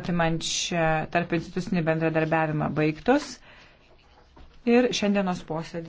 apimančią tarp institucinį bendradarbiavimą baigtos ir šiandienos posėdį.